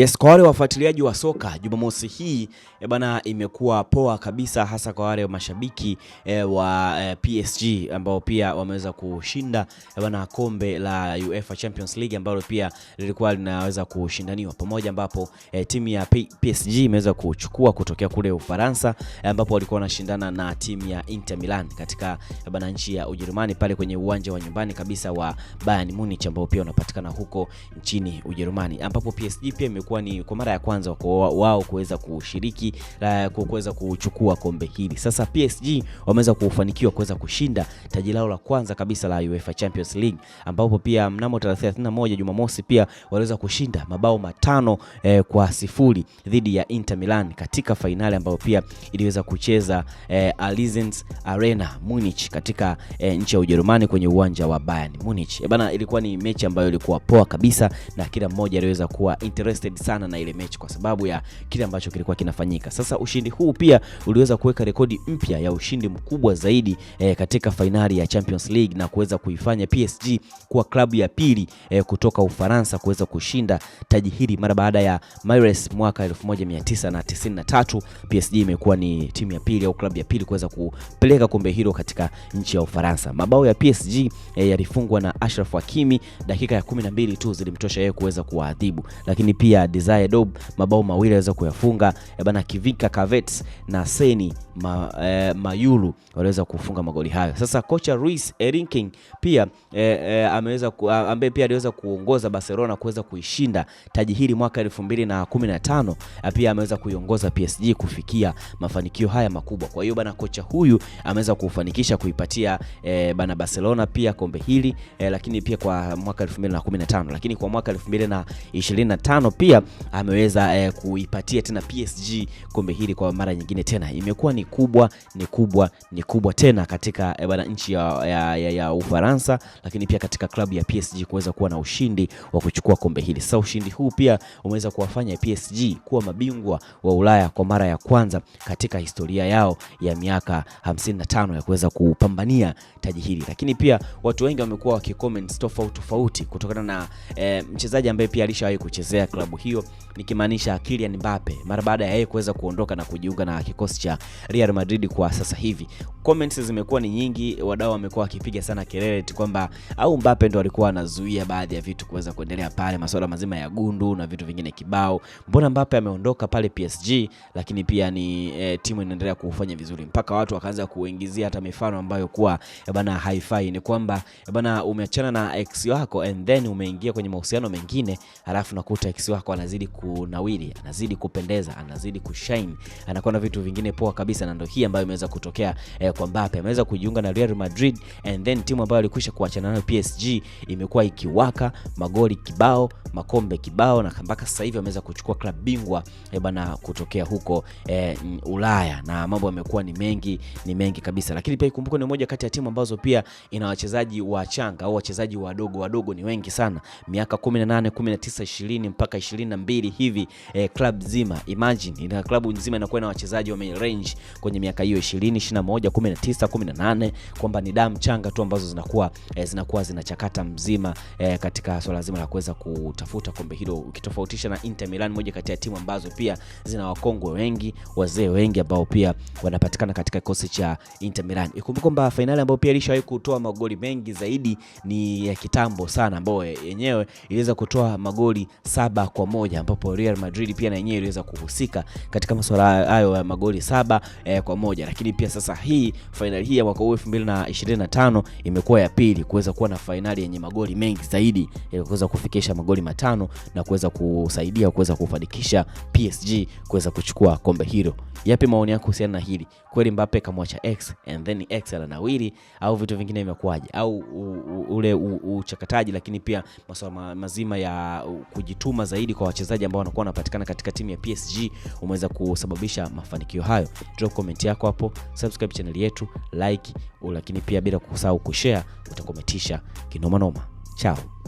Yes, kwa wale wafuatiliaji wa soka Jumamosi hii e bana, imekuwa poa kabisa, hasa kwa wale mashabiki e, wa e, eh, PSG ambao pia wameweza kushinda e bana kombe la UEFA Champions League ambalo pia lilikuwa linaweza kushindaniwa pamoja, ambapo e, timu ya PSG imeweza kuchukua kutokea kule Ufaransa ambapo walikuwa wanashindana na timu ya Inter Milan katika e bana nchi ya Ujerumani pale kwenye uwanja wa nyumbani kabisa wa Bayern Munich ambao pia unapatikana huko nchini Ujerumani ambapo PSG pia imekuwa itakuwa ni kwa mara ya kwanza wao kuweza kushiriki kuweza kuchukua kombe hili. Sasa PSG wameweza kufanikiwa kuweza kushinda taji lao la kwanza kabisa la UEFA Champions League, ambapo pia mnamo tarehe 31 Jumamosi pia waliweza kushinda mabao matano eh, kwa sifuri dhidi ya Inter Milan katika fainali ambayo pia iliweza kucheza eh, Allianz Arena Munich katika eh, nchi ya Ujerumani kwenye uwanja wa Bayern Munich. E bana, ilikuwa ni mechi ambayo ilikuwa poa kabisa na kila mmoja aliweza kuwa interested excited sana na ile mechi kwa sababu ya kile ambacho kilikuwa kinafanyika. Sasa ushindi huu pia uliweza kuweka rekodi mpya ya ushindi mkubwa zaidi eh, katika fainali ya Champions League na kuweza kuifanya PSG kuwa klabu ya pili eh, kutoka Ufaransa kuweza kushinda taji hili mara baada ya Mares mwaka 1993. PSG imekuwa ni timu ya pili au klabu ya pili kuweza kupeleka kombe hilo katika nchi ya Ufaransa. Mabao ya PSG eh, yalifungwa na Ashraf Hakimi, dakika ya 12 tu zilimtosha yeye kuweza kuwaadhibu, lakini pia ya Desire Dob mabao mawili aliweza kuyafunga eh, bana. Kivika Cavets na Seni ma, e, Mayulu waliweza kufunga magoli hayo. Sasa kocha Luis Erinking pia e, e, ameweza ku, ambaye pia aliweza kuongoza Barcelona kuweza kuishinda taji hili mwaka 2015 pia ameweza kuiongoza PSG kufikia mafanikio haya makubwa. Kwa hiyo bana kocha huyu ameweza kufanikisha kuipatia e, bana Barcelona pia kombe hili e, lakini pia kwa mwaka 2015 lakini kwa mwaka 2025 pia pia ameweza eh, kuipatia tena PSG kombe hili kwa mara nyingine tena. Imekuwa ni kubwa ni kubwa ni kubwa tena katika eh, bana nchi ya, ya, ya, ya Ufaransa, lakini pia katika klabu ya PSG kuweza kuwa na ushindi wa kuchukua kombe hili. Sasa ushindi huu pia umeweza kuwafanya PSG kuwa mabingwa wa Ulaya kwa mara ya kwanza katika historia yao ya miaka 55 ya kuweza kupambania taji hili, lakini pia watu wengi wamekuwa wakicomment tofauti tofauti kutokana na eh, mchezaji ambaye pia alishawahi kuchezea klabu hiyo, nikimaanisha Kylian Mbappe mara baada ya yeye kuweza kuondoka na kujiunga na kikosi cha Real Madrid kwa sasa hivi. Comments zimekuwa ni nyingi, wadau wamekuwa wakipiga sana kelele kwamba au Mbappe ndo alikuwa anazuia baadhi ya vitu kuweza kuendelea pale, masuala mazima ya gundu na vitu vingine kibao. Mbona Mbappe ameondoka pale PSG, lakini pia ni e, timu inaendelea kufanya vizuri, mpaka watu wakaanza kuingizia hata mifano ambayo kuwa eh, bana haifai. Ni kwamba eh, bana umeachana na ex wako and then umeingia kwenye mahusiano mengine, halafu nakuta ex wako anakuwa anazidi kunawiri, anazidi kupendeza, anazidi kushine, anakuwa na vitu vingine poa kabisa, na ndio hii ambayo imeweza kutokea eh, kwa Mbappe. Ameweza kujiunga na Real Madrid and then timu ambayo alikwisha kuachana nayo PSG imekuwa ikiwaka magoli kibao, makombe kibao, na mpaka sasa hivi ameweza kuchukua klabu bingwa eh, bana kutokea huko eh, Ulaya, na mambo yamekuwa ni mengi, ni mengi kabisa, lakini pia ikumbuke ni moja kati ya timu ambazo pia ina wachezaji wachanga au wachezaji wadogo wadogo, ni wengi sana, miaka 18, 19, 20 mpaka 20 22 hivi eh, club zima imagine, ina club nzima inakuwa na wachezaji wa main range kwenye miaka hiyo 20, 21, 19, 18, kwamba ni damu changa tu ambazo zinakuwa eh, zinakuwa zinachakata mzima eh, katika swala zima la kuweza kutafuta kombe hilo, ukitofautisha na Inter Milan, moja kati ya timu ambazo pia zina wakongwe wengi, wazee wengi ambao pia wanapatikana katika kikosi cha Inter Milan. Ikumbuke kwamba finali ambayo pia ilishawahi kutoa magoli mengi zaidi ni ya kitambo sana, ambayo yenyewe iliweza kutoa magoli saba kwa moja ambapo Real Madrid pia na yenyewe iliweza kuhusika katika masuala hayo ya magoli saba eh, kwa moja. Lakini pia sasa hii fainali hii ya mwaka huu 2025 imekuwa ya pili kuweza kuwa na fainali yenye magoli mengi zaidi ili kuweza kufikisha magoli matano na kuweza kusaidia kuweza kufanikisha PSG kuweza kuchukua kombe hilo. Yapi maoni yako kuhusiana na hili? Kweli Mbappe kamwacha X and then X ananawili au vitu vingine vimekuwaje? Au u, u, ule uchakataji, lakini pia masuala mazima ya kujituma zaidi kwa wachezaji ambao wanakuwa wanapatikana katika timu ya PSG umeweza kusababisha mafanikio hayo. Drop comment yako hapo, subscribe channel yetu, like, lakini pia bila kusahau kushare, utakometisha kinomanoma Chao.